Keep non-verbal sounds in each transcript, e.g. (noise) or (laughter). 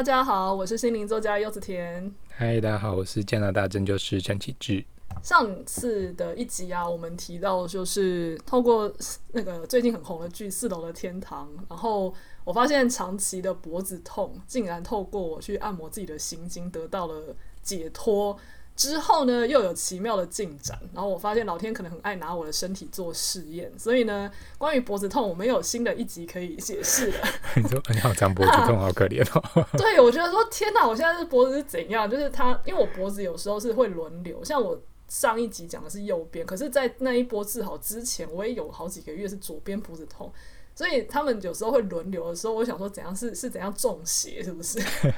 大家好，我是心靈作家柚子甜。嗨，大家好，我是加拿大針灸師陳啟志。上次的一集啊，我們提到就是透過那個最近很紅的劇《四樓的天堂》，然後我發現長期的脖子痛竟然透過我去按摩自己的心經得到了解脫。之後呢，又有奇妙的進展。然後我發現老天可能很愛拿我的身體做試驗，所以呢，關於脖子痛，我們有新的一集可以解釋了。 (laughs) 你說你好長脖子痛，啊、好可憐哦。 (laughs) 對，我覺得說天哪，我現在是脖子是怎樣？就是它，因為我脖子有時候是會輪流，像我上一集講的是右邊，可是在那一波治好之前，我也有好幾個月是左邊脖子痛，所以他們有時候會輪流的時候，我想說怎樣是是怎樣中邪，是不是？ (laughs)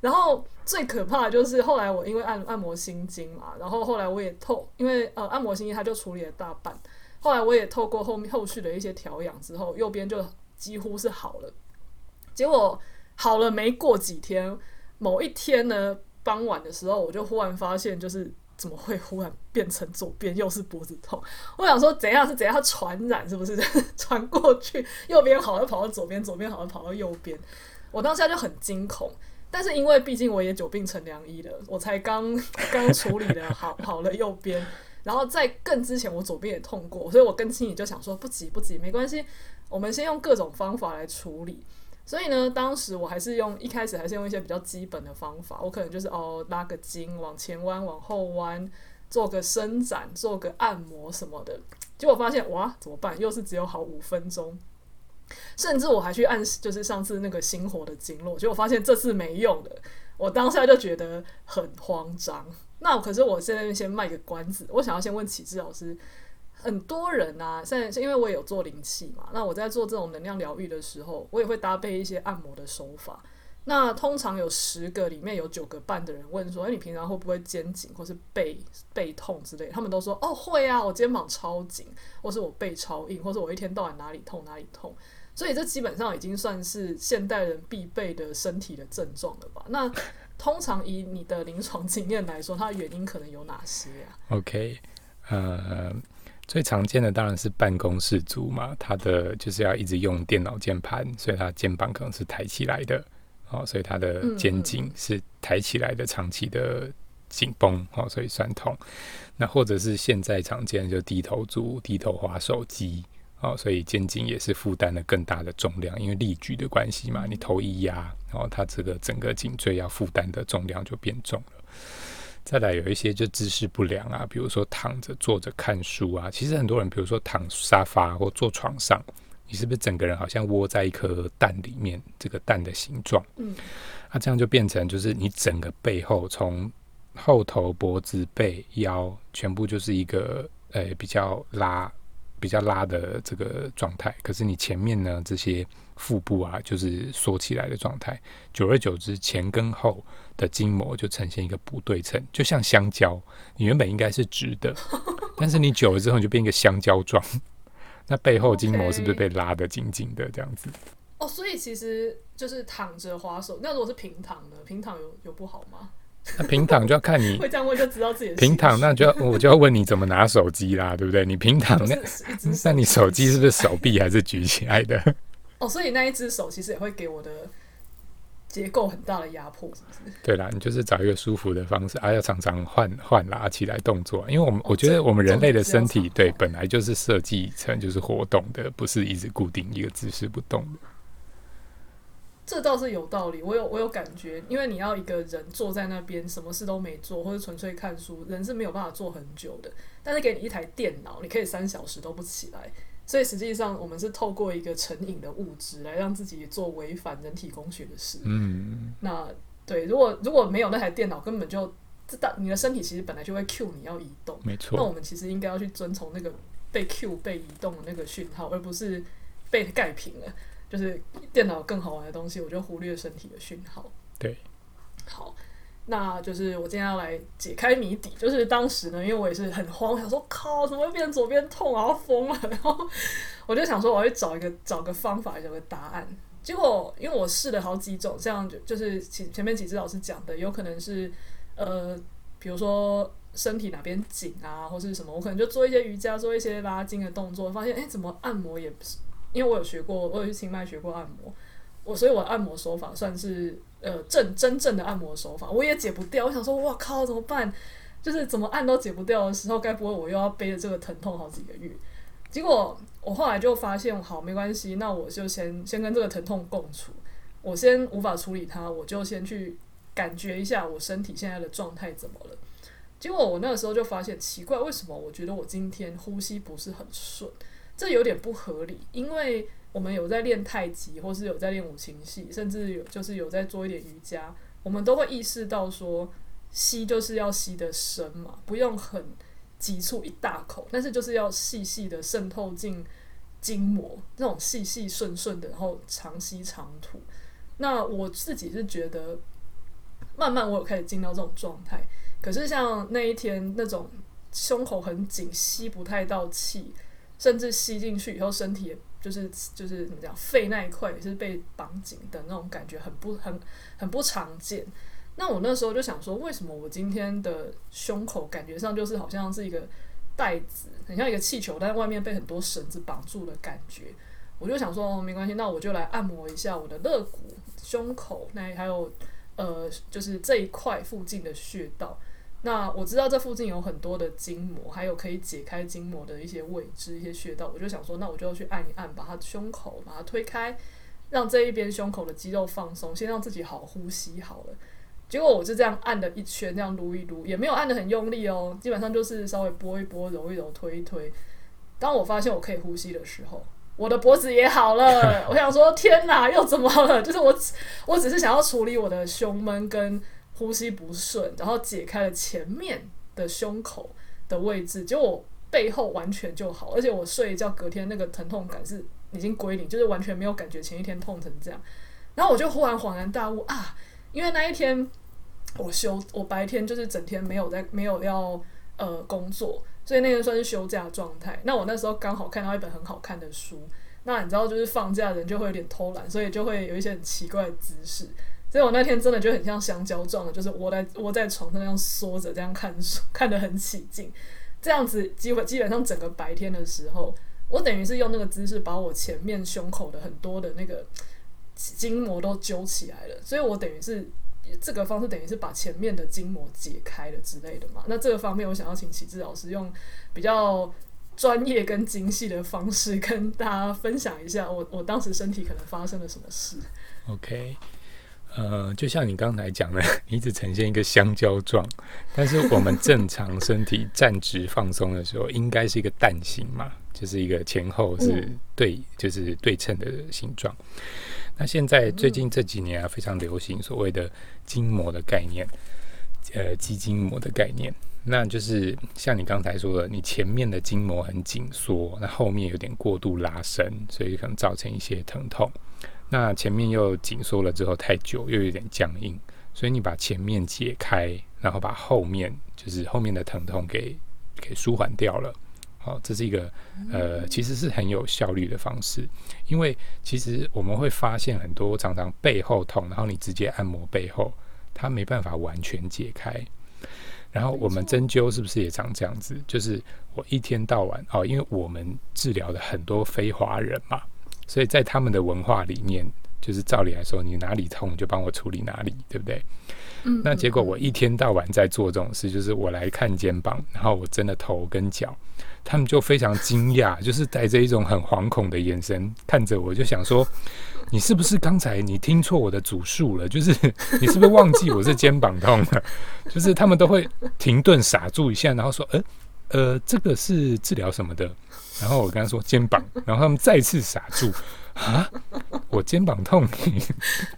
然後最可怕的就是後來我因為按按摩心經嘛，然後後來我也透，因為呃按摩心經他就處理了大半，後來我也透過後面後續的一些調養之後，右邊就幾乎是好了。結果好了沒過幾天，某一天呢傍晚的時候，我就忽然發現，就是怎麼會忽然變成左邊又是脖子痛？我想說怎樣是怎樣傳染？是不是、就是、傳過去右邊好了跑到左邊，左邊好了跑到右邊？我當下就很驚恐。但是因為畢竟我也久病成良醫了，我才剛剛處理的好好了右邊， (laughs) 然後在更之前我左邊也痛過，所以我更心裡就想說不急不急，沒關係，我們先用各種方法來處理。所以呢，當時我還是用一開始還是用一些比較基本的方法，我可能就是哦拉個筋，往前彎、往後彎，做個伸展、做個按摩什麼的，結果發現哇怎麼辦，又是只有好五分鐘。甚至我還去按，就是上次那個心火的經絡，結果我發現這次沒用的。我當下就覺得很慌張。那可是我現在先賣個關子，我想要先問啟志老師，很多人吶、啊，現在因為我有做靈氣嘛，那我在做這種能量療癒的時候，我也會搭配一些按摩的手法。那通常有十個裡面有九個半的人問說：“誒、欸，你平常會不會肩頸或是背背痛之類的？”他們都說：“哦，會啊，我肩膀超緊，或是我背超硬，或是我一天到晚哪裡痛哪裡痛。”所以這基本上已經算是現代人必備的身體的症狀了吧？那通常以你的臨床經驗來說，它的原因可能有哪些呀？OK，呃，最常見的當然是辦公室族嘛，他的就是要一直用電腦鍵盤，所以他肩膀可能是抬起來的，好、哦，所以他的肩頸是抬起來的，長期的緊繃，好、哦，所以痠痛。那或者是現在常見的就是低頭族，低頭滑手機。哦，所以肩頸也是負擔了更大的重量，因為力矩的關係嘛，你頭一壓，然後它這個整個頸椎要負擔的重量就變重了。再來，有一些就姿勢不良啊，比如說躺着、坐着看書啊。其實很多人，比如說躺沙發或坐床上，你是不是整個人好像窩在一顆蛋裡面？這個蛋的形狀，嗯，那、啊、這樣就變成就是你整個背後，從後頭、脖子、背、腰，全部就是一個呃比較拉。比較拉的這個狀態，可是你前面呢這些腹部啊就是縮起來的狀態，久而久之前跟後的筋膜就呈現一個不對稱，就像香蕉，你原本應該是直的， (laughs) 但是你久了之後你就變一個香蕉狀。 (laughs) 那背後筋膜是不是被拉得緊緊的這樣子？哦，oh, 所以其實就是躺着滑手，那如果是平躺的，平躺有有不好嗎？那 (laughs) 平躺就要看你，會就知道自己。平躺那就要我就要問你怎麼拿手機啦，對不對？你平躺那，那你手機是不是手臂還是舉起來的？哦，所以那一隻手其實也會給我的結構很大的壓迫，是不是？對啦，你就是找一個舒服的方式，啊，而要常常換換拉起來動作，因為我們我覺得我們人類的身體對本來就是設計成就是活動的，不是一直固定一個姿勢不動。這倒是有道理，我有我有感覺，因為你要一個人坐在那邊，什麼事都沒做，或者純粹看書，人是沒有辦法坐很久的。但是給你一台電腦，你可以三小時都不起來。所以實際上，我們是透過一個成癮的物質來讓自己做違反人體工學的事。嗯，那對，如果如果沒有那台電腦，根本就你的身體其實本來就會 Q，你要移動，沒錯。那我們其實應該要去遵從那個被 Q、被移動的那個訊號，而不是被蓋平了。就是電腦更好玩的東西，我就忽略身體的訊號。對，好，那就是我今天要來解開謎底。就是當時呢，因為我也是很慌，想說靠，怎麼會變成左邊痛然後瘋了。然後我就想說，我要找一個找個方法，找個答案。結果因為我試了好幾種，像就是前前面幾次老師講的，有可能是呃，比如說身體哪邊緊啊，或是什麼，我可能就做一些瑜伽，做一些拉筋的動作，發現哎、欸，怎麼按摩也不是。不因為我有學過，我有去清邁學過按摩，我所以我的按摩手法算是呃正真正的按摩手法，我也解不掉。我想說，哇靠，怎麼辦？就是怎麼按都解不掉的時候，該不會我又要背着這個疼痛好幾個月？結果我後來就發現，好，沒關係，那我就先先跟這個疼痛共處。我先無法處理它，我就先去感覺一下我身體現在的狀態怎麼了。結果我那個時候就發現奇怪，為什麼我覺得我今天呼吸不是很順？這有點不合理，因為我們有在練太極，或是有在練五禽戲，甚至有就是有在做一點瑜伽，我們都會意識到說，吸就是要吸得深嘛，不用很急促一大口，但是就是要細細的滲透進筋膜，那種細細順順順的，然後長吸長吐。那我自己是覺得，慢慢我有開始進到這種狀態，可是像那一天那種胸口很緊，吸不太到氣。甚至吸進去以後，身體也就是就是怎麼講，肺那一塊也是被綁緊的那種感覺很，很不很很不常見。那我那時候就想說，為什麼我今天的胸口感覺上就是好像是一個袋子，很像一個氣球，但外面被很多繩子綁住的感覺？我就想說，哦，沒關係，那我就來按摩一下我的肋骨、胸口，那還有呃，就是這一塊附近的穴道。那我知道這附近有很多的筋膜，還有可以解開筋膜的一些位置、一些穴道。我就想說，那我就要去按一按，把它胸口把它推開，讓這一邊胸口的肌肉放鬆，先讓自己好呼吸好了。結果我就這樣按了一圈，這樣擼一擼，也沒有按得很用力哦，基本上就是稍微撥一撥、揉一揉、推一推。當我發現我可以呼吸的時候，我的脖子也好了。 (laughs) 我想說，天哪，又怎麼了？就是我，我只是想要處理我的胸悶跟。呼吸不順，然後解開了前面的胸口的位置，結果背後完全就好，而且我睡一覺，隔天那個疼痛感是已經歸零，就是完全沒有感覺。前一天痛成這樣，然後我就忽然恍然大悟啊，因為那一天我休，我白天就是整天沒有在，沒有要呃工作，所以那天算是休假狀態。那我那時候剛好看到一本很好看的書，那你知道，就是放假的人就會有點偷懶，所以就會有一些很奇怪的姿勢。所以我那天真的就很像香蕉狀的，就是窩在窩在床上那樣縮着這樣看書，看得很起勁。這樣子基本基本上，整個白天的時候，我等於是用那個姿勢把我前面胸口的很多的那個筋膜都揪起來了。所以我等於是這個方式等於是把前面的筋膜解開了之類的嘛。那這個方面我想要請啟志老師用比較專業跟精細的方式跟大家分享一下我，我我當時身體可能發生了什麼事。OK。呃，就像你剛才講的，你只呈現一個香蕉狀，但是我們正常身體站直放鬆的時候，應該是一個蛋形嘛， (laughs) 就是一個前後是對，就是對稱的形狀。那現在最近這幾年啊，非常流行所謂的筋膜的概念，呃，肌筋膜的概念，那就是像你剛才說的，你前面的筋膜很緊縮，那後面有點過度拉伸，所以可能造成一些疼痛。那前面又緊縮了之後太久，又有點僵硬，所以你把前面解開，然後把後面就是後面的疼痛給給舒緩掉了。好，哦，這是一個呃，其實是很有效率的方式，因為其實我們會發現很多常常背後痛，然後你直接按摩背後，它沒辦法完全解開。然後我們針灸是不是也長這樣子？就是我一天到晚哦，因為我們治療的很多非華人嘛。所以在他們的文化裡面，就是照理來說，你哪裡痛就幫我處理哪裡，對不對？嗯嗯。那結果我一天到晚在做這種事，就是我來看肩膀，然後我真的頭跟腳，他們就非常驚訝，就是帶着一種很惶恐的眼神 (laughs) 看着我，就想說，你是不是剛才你聽錯我的主訴了？就是你是不是忘記我是肩膀痛了？ (laughs) 就是他們都會停頓傻住一下，然後說，哎、欸，呃，這個是治療什麼的？然後我跟他說肩膀， (laughs) 然後他們再次傻住啊！我肩膀痛你，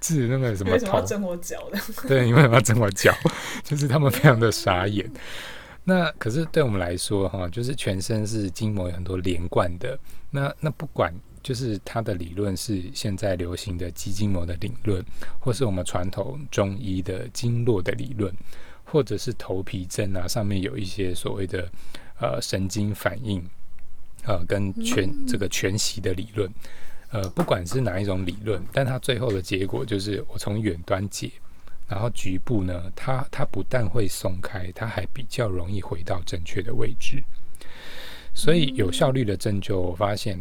治 (laughs) 那個什麼？疼？針我腳的，對，你為什麼要針我腳？ (laughs) 就是他們非常的傻眼。 (laughs) 那可是對我們來說哈，就是全身是筋膜，有很多連貫的。那那不管就是他的理論是現在流行的肌筋膜的理論，或是我們傳統中醫的經絡的理論，或者是頭皮針啊，上面有一些所謂的呃神經反應。呃，跟全這個全息的理論，嗯、呃，不管是哪一種理論，但它最後的結果就是，我從遠端解，然後局部呢，它它不但會鬆開，它還比較容易回到正確的位置。所以有效率的針灸，我發現，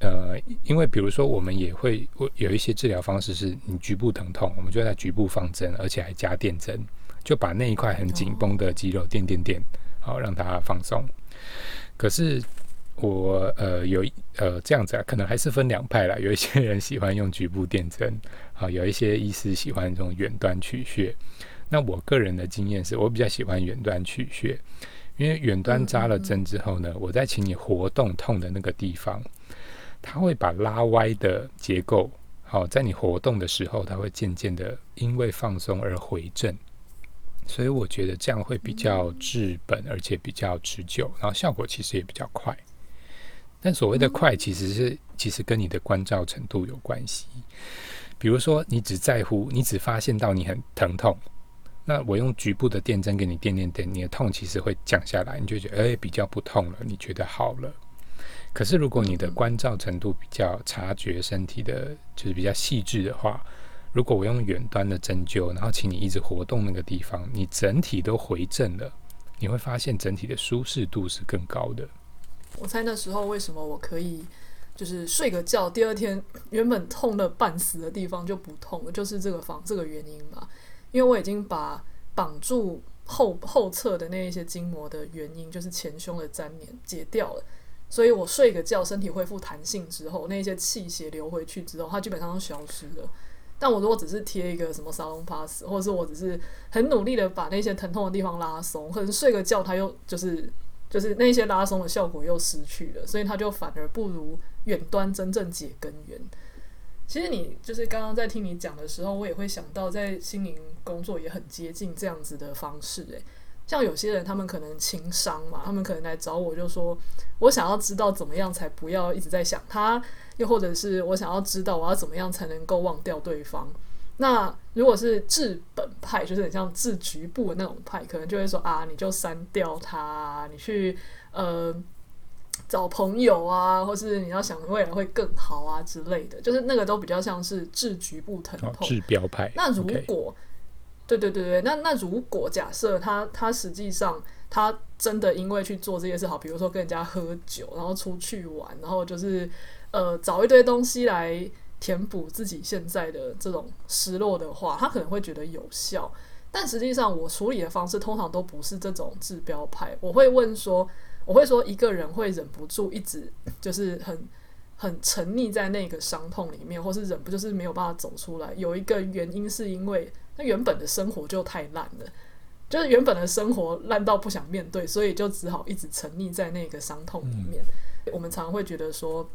嗯、呃，因為比如說我們也會有一些治療方式，是你局部疼痛，我們就在局部放針，而且還加電針，就把那一塊很緊繃的肌肉電電電電，好讓它放鬆。可是。我呃有呃這樣子啊，可能還是分兩派啦。有一些人喜歡用局部電針，啊，有一些醫師喜歡用遠端取穴。那我個人的經驗是，我比較喜歡遠端取穴，因為遠端扎了針之後呢，嗯嗯我再請你活動痛的那個地方，它會把拉歪的結構，好、啊，在你活動的時候，它會漸漸的因為放鬆而回正。所以我覺得這樣會比較治本，而且比較持久，嗯嗯然後效果其實也比較快。但所謂的快，其實是其實跟你的觀照程度有關係。比如說，你只在乎，你只發現到你很疼痛，那我用局部的電針給你電電電，你的痛其實會降下來，你就覺得哎、欸、比較不痛了，你覺得好了。可是如果你的觀照程度比較察覺身體的，就是比較細緻的話，如果我用遠端的針灸，然後請你一直活動那個地方，你整體都回正了，你會發現整體的舒適度是更高的。我猜那時候為什麼我可以就是睡個覺，第二天原本痛得半死的地方就不痛了，就是這個方這個原因吧。因為我已經把綁住後後側的那一些筋膜的原因，就是前胸的粘連解掉了，所以我睡個覺，身體恢復彈性之後，那些氣血流回去之後，它基本上都消失了。但我如果只是貼一個什麼沙龍帕斯，或者是我只是很努力的把那些疼痛的地方拉松，可能睡個覺它又就是。就是那些拉松的效果又失去了，所以他就反而不如遠端真正解根源。其實你就是剛剛在聽你講的時候，我也會想到，在心靈工作也很接近這樣子的方式。誒，像有些人他們可能情傷嘛，他們可能來找我就說，我想要知道怎麼樣才不要一直在想他，又或者是我想要知道我要怎麼樣才能夠忘掉對方。那如果是治本派，就是很像治局部的那種派，可能就會說啊，你就刪掉它，你去呃找朋友啊，或是你要想未來會更好啊之類的，就是那個都比較像是治局部疼痛，哦、治標派。那如果對 Okay. 對對對，那那如果假設他他實際上他真的因為去做這些事，好，比如說跟人家喝酒，然後出去玩，然後就是呃找一堆東西來。填補自己現在的這種失落的話，他可能會覺得有效，但實際上我處理的方式通常都不是這種治標派。我會問說，我會說一個人會忍不住一直就是很很沉溺在那個傷痛裡面，或是忍不就是沒有辦法走出來，有一個原因是因為他原本的生活就太爛了，就是原本的生活爛到不想面對，所以就只好一直沉溺在那個傷痛裡面。嗯、我們常常會覺得說。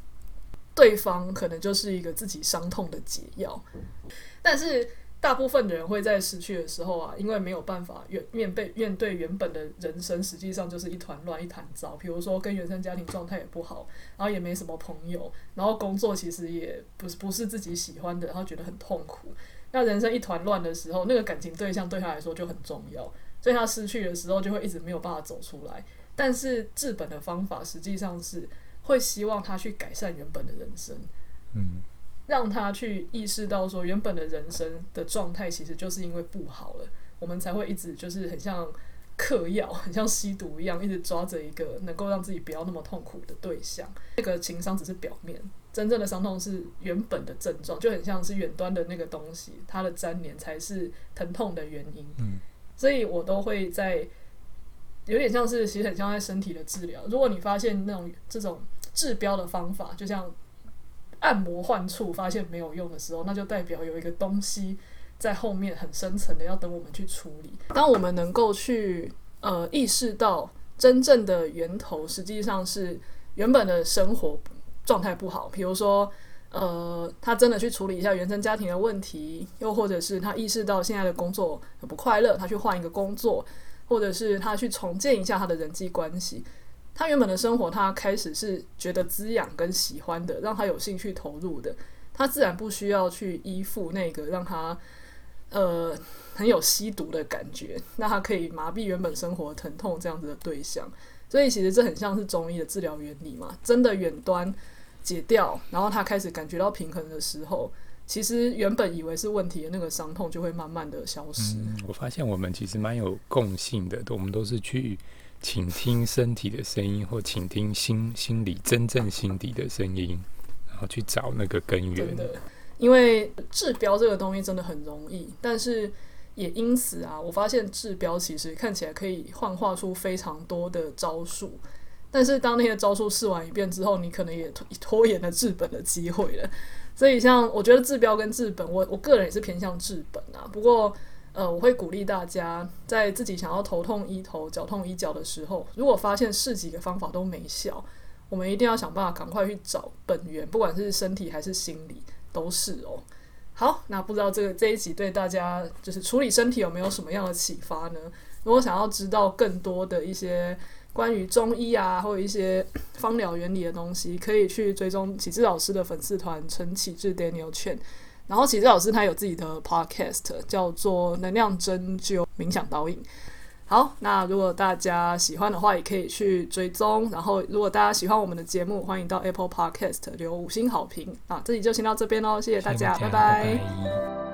對方可能就是一個自己傷痛的解藥，但是大部分的人會在失去的時候啊，因為沒有辦法原，面對，面對原本的人生，實際上就是一團亂，一團糟。比如說跟原生家庭狀態也不好，然後也沒什麼朋友，然後工作其實也不是，不是自己喜歡的，然後覺得很痛苦。那人生一團亂的時候，那個感情對象對他來說就很重要，所以他失去的時候就會一直沒有辦法走出來。但是治本的方法實際上是，會希望他去改善原本的人生，嗯，讓他去意識到說原本的人生的狀態其實就是因為不好了，我們才會一直就是很像嗑藥、很像吸毒一樣，一直抓着一個能夠讓自己不要那麼痛苦的對象。這、那個情傷只是表面，真正的傷痛是原本的症狀，就很像是遠端的那個東西，它的粘連才是疼痛的原因。嗯、所以我都會在有點像是，其實很像在身體的治療。如果你發現那種這種。治標的方法，就像按摩患處，發現沒有用的時候，那就代表有一個東西在後面很深層的，要等我們去處理。當我們能夠去呃意識到真正的源頭，實際上是原本的生活狀態不好，比如說呃他真的去處理一下原生家庭的問題，又或者是他意識到現在的工作很不快樂，他去換一個工作，或者是他去重建一下他的人際關係。他原本的生活，他開始是覺得滋養跟喜歡的，讓他有興趣投入的，他自然不需要去依附那個讓他呃很有吸毒的感覺，那他可以麻痹原本生活疼痛這樣子的對象，所以其實這很像是中醫的治療原理嘛，真的遠端解掉，然後他開始感覺到平衡的時候，其實原本以為是問題的那個傷痛就會慢慢的消失。嗯，我發現我們其實蠻有共性的，我們都是去。請聽身體的聲音，或請聽心心裡真正心底的聲音，然後去找那個根源的。因為治標這個東西真的很容易，但是也因此啊，我發現治標其實看起來可以幻化出非常多的招數，但是當那些招數試完一遍之後，你可能也拖，拖延了治本的機會了。所以，像我覺得治標跟治本，我我個人也是偏向治本啊。不過。呃，我會鼓勵大家，在自己想要頭痛醫頭、腳痛醫腳的時候，如果發現試幾個方法都沒效，我們一定要想辦法趕快去找本源，不管是身體還是心理都是哦。好，那不知道這個這一集對大家就是處理身體有沒有什麼樣的啟發呢？如果想要知道更多的一些關於中醫啊，或者一些方療原理的東西，可以去追蹤啟志老師的粉絲團陳啟志 Daniel Chen。然後，啟志老師他有自己的 podcast，叫做《能量針灸冥想導引》。好，那如果大家喜歡的話，也可以去追蹤。然後，如果大家喜歡我們的節目，歡迎到 Apple Podcast 留五星好評。啊，這裡就先到這邊咯，哦，謝謝大家，拜拜。拜拜。